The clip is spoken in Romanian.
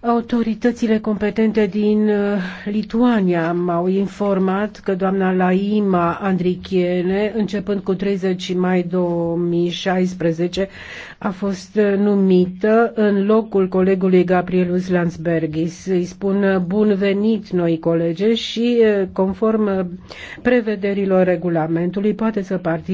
Autoritățile competente din uh, Lituania m-au informat că doamna Laima Andrichiene, începând cu 30 mai 2016, a fost uh, numită în locul colegului Gabrielus Landsbergis. Îi spun uh, bun venit noi colege și, conform prevederilor regulamentului, poate să participe